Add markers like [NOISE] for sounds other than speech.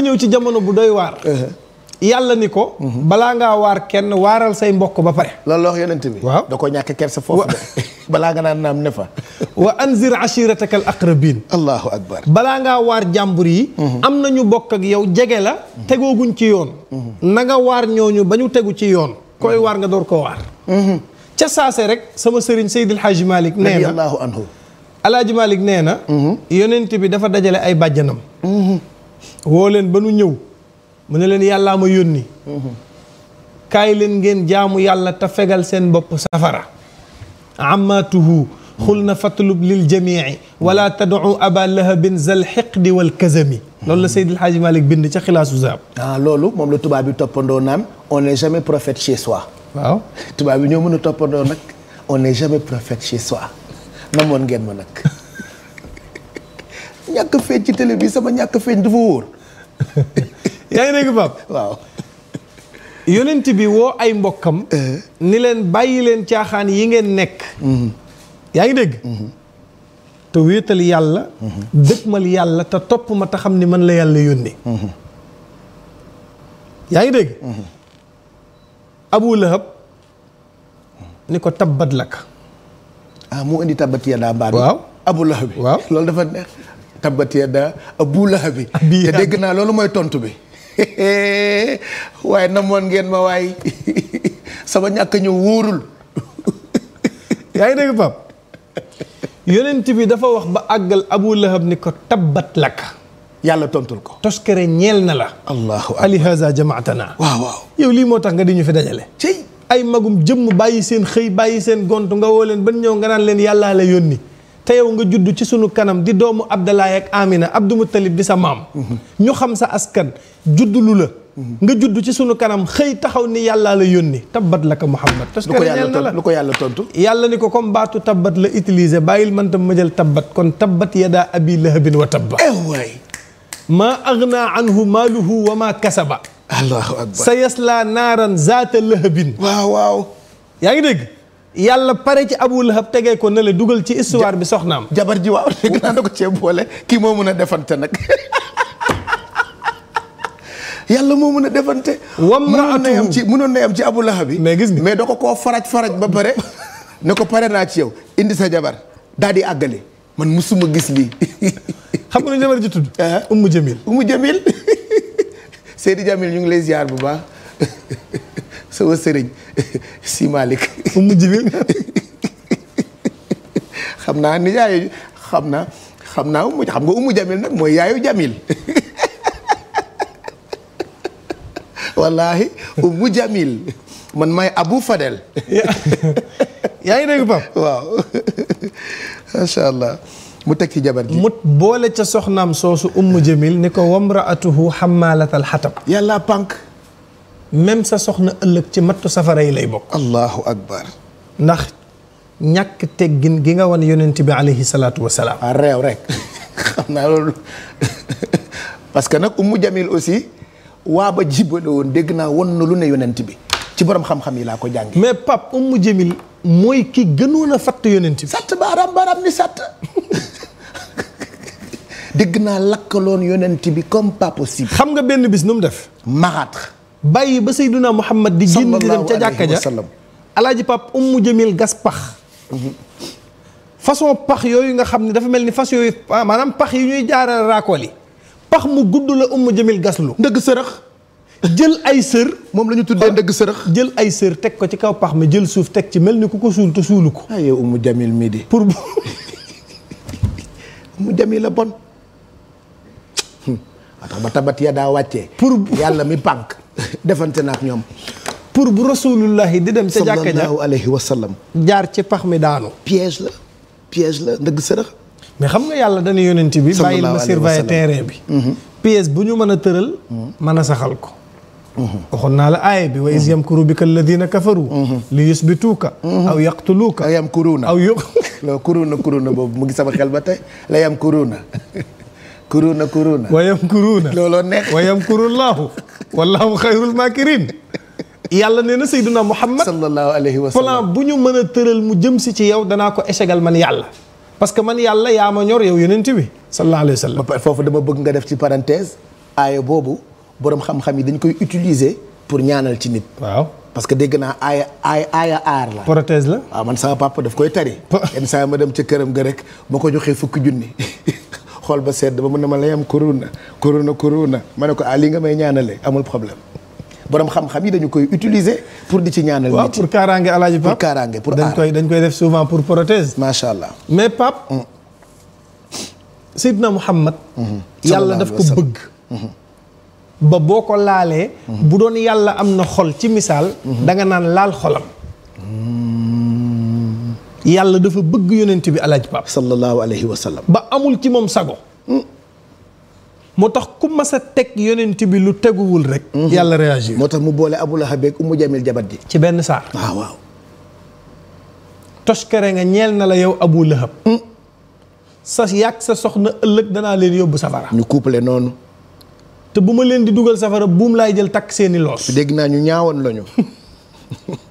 dafa ñëw ci jamono bu doy waar. Uh-huh. yàlla ni ko. Uh-huh. balaa ngaa waar kenn waaral say mbokk ba pare. la wax yonent bi. waaw da koo ñàkk kersa foofu [LAUGHS] balaa nga naan naam ne fa. [LAUGHS] wa anzir ashirataka al aqrabin. allahu akbar. balaa ngaa waar jàmbur yi. Uh-huh. am na ñu bokk ak yow jege la. tegooguñ ci yoon. nanga nga waar ñooñu ba ñu tegu ci yoon. koy waar nga door koo waar. ca saase rek sama sëriñ Seydil Hadji Malick. nee na allahu nee na. yonent bi dafa dajale ay bàjjanam. woo leen ba nu ñëw mu ne leen yàllaa ma yónni mhm. kaay leen ngeen jaamu yàlla te fegal seen bopp safara amaatuhu xul na fatlub lil jamii wala tadcu aba lahabin zal xiqdi wal kazami loolu la mhm. Seydil Hadji bind ca xilaasu zaab ah moom la tubaab bi toppandoo naam on n'est jamais prophète chez soi waaw tubaab bi ñoo mën a toppandoo nag on n'est jamais prophète chez soi namoon ngeen ma nag ñàkk feeñ ci télé bi sama ñàkk feeñ dafa wóor. [LAUGHS] yaa ngi dégg Pape yonent bi woo ay mbokkam. Eh. ni leen bàyyi leen caaxaan yi ngeen nekk. Mm-hmm. yaa ngi dégg. Mm-hmm. te wéetal yàlla. Mm-hmm. mal yàlla te topp ma te xam ni man la yàlla yónnee. yaa ngi dégg. Abu Lahab ni ko tabbat lak ah mu indi tabbat ya daa baat. waaw Abu Lahab waaw loolu dafa neex. tabbat yadaa abu lahabi te dégg naa loolu mooy tontu bi waaye namoon ngeen ma waaye sama ñàkk ñëw wóorul yaa ngi dégg Pape yonent bi dafa wax ba àggal abu lahab ni ko tabbat lakk yàlla tontul ko toskere ñeel na la allahu ali alihaza jamaatana waaw waaw yow lii moo tax nga di ñu fi dajale ay magum jëmm bàyyi seen xëy bàyyi seen gont nga woo leen ban ñëw nga naan leen yàllaa la yónni te yow nga juddu ci sunu kanam di doomu Abdalaay ak Amina Abdu Muttalib di sa maam ñu xam sa askan judd lu la nga juddu ci sunu kanam xëy taxaw ni yàlla la yónni tabbat la ko Muhammad lu ko yàlla tontu yàlla ni ko comme baatu tabbat la utiliser bàyyil man tam ma jël tabbat kon tabbat yadaa abi lahabin wa tabba eh waay maa aghnaa anhu maaluhu wa maa kasaba allahu akbar sa yaslaa naaran zaata lahabin waaw waaw yaa ngi dégg yàlla pare ci Abu Lahab tegee ko ne dugal ci histoire bi soxnaam. jabar ji waaw dégg naa ne ko cee boole kii moo mun a defante nag [LAUGHS] yàlla moo mun a defante. wam raatu am ci munoon na am ci Abu Lahab bi. mais gis nga mais da ko koo faraj faraj ba pare [LAUGHS] ne ko pare naa ci yow indi sa jabar daal di àggali man musuma gis lii. [LAUGHS] xam nga jabar ji tudd. Ah. Ummu Jamil Ummu Jamil Seydi Jamil ñu ngi lay ziar bu baax. sama sëriñ [LAUGHS] si Malick mu mujj bi [LAUGHS] xam naa ni xam naa xam naa umu xam nga umu jamil nag mooy jamil [LAUGHS] wallahi umu jamil man may Abu Fadel yaa ngi dégg Pape waaw macha allah mu teg ci jabar ji mu boole ca soxnaam soosu umu jamil ni ko wamraatuhu xamalatal xatab yàlla même sa soxna ëllëg ci mattu safara yi lay bokk. allahu akbar. ndax ñàkk teggin gi nga wan yonent bi alayhi salaatu wa salaam. ah rek xam naa loolu parce que nag Ummu Jamil aussi waa ba jibale woon dégg naa won na lu ne yonent bi ci borom xam-xam yi laa ko jàngee. mais Pape Ummu Jamil mooy ki gënoon a fatt yonent bi. sàtt baaraam baaraam ni sàtt dégg naa lakkaloon yonent bi comme pas possible. xam nga benn bis nu mu def. maxaat. bàyyi ba Seydina Muhammad di génn di dem ca jàkka ja alaaji pap ummu jëmil gas pax mhm. façon pax yooyu nga xam ne dafa mel ni fas yooyu ah, maanaam pax yi ñuy jaara raakool yi pax mu gudd la ummu jëmil gas lu ndëgg sërëx jël ay sër moom lañu tuddee ndëgg sërëx jël ay sër teg ko ci kaw pax mi jël suuf teg ci mel ni ku ko suul te suulu ko ay yow jamil mii di pour ummu [LAUGHS] jamil la bon atax ba tabat ya daa wàccee pour yàlla mi pànk defante na ak ñoom pour bu rasulullahi di dem ca jàkka ja sallallahu alayhi jaar ci pax mi daanu piège la piège la ndëgg sërëx mais xam nga yàlla dana yonent bi bàyyil ma surveiller terrain bi mhm. piège bu ñu mën a tëral mhm. mën a saxal ko mhm. waxoon naa la aaya bi wa is yamkuru bika alladina kafaru li yusbituuka aw yaqtuluuka aw yamkuruuna aw yó kuruna kuruna boobu mu ngi sama xel ba tey la yamkuruuna [LAUGHS] kuruna kuruna wayam kuruna looloo neex wayam kurullahu wallahu xayrul makirin yàlla nee na sayduna muhammad sallallahu alayhi wa sallam bu ñu mën a tëral mu jëm si ci yow danaa ko échegal man yàlla parce que man yàlla yaa ñor yow yonent bi sallallahu alayhi wa sallam foofu dama bëgg nga def ci parenthèse aaya boobu borom xam yi dañ koy utiliser pour ñaanal ci nit waaw parce que dégg naa aaya aaya aaya aar la. prothèse la. waaw ah, man sama daf koy tari. yenn saa ma dem ca këram gi rek ma ko joxee fukki junni. [LAUGHS] xool ba sedd ba mun na ma layam korona korona korona ma ne ko ah lii nga may ñaanale amul problème borom xam-xam yi dañu koy utiliser pour di ci ñaanal. nit waaw pour kaaraange alaaji Pape pour kaaraange pour dañ koy dañ koy def souvent pour prothèse. macha allah mais Pape. Mm. na Muhammad mm-hmm. yàlla daf ko bëgg. Mm-hmm. ba boo ko laalee. Mm-hmm. bu doon yàlla am na xol ci misaal. da nga naan laal xolam. yàlla dafa bëgg yonent bi alaaji Pape. sallallahu alayhi wa sallam. ba amul ci moom sago. Hmm. moo tax ku mas a teg yonent bi lu teguwul rek. Hmm. yàlla réagir moo tax mu boole Abu Lahab ak Ummu Jamil jabat ji. ci benn saar. Ah, waaw nga ñeel na la yow Abu Lahab. Hmm. sa yàgg sa soxna ëllëg danaa leen yóbbu safara. ñu couplé noonu. te bu ma leen di dugal safara buum laay jël takk seeni loos. dégg naa ñu ñaawoon lañu. [LAUGHS]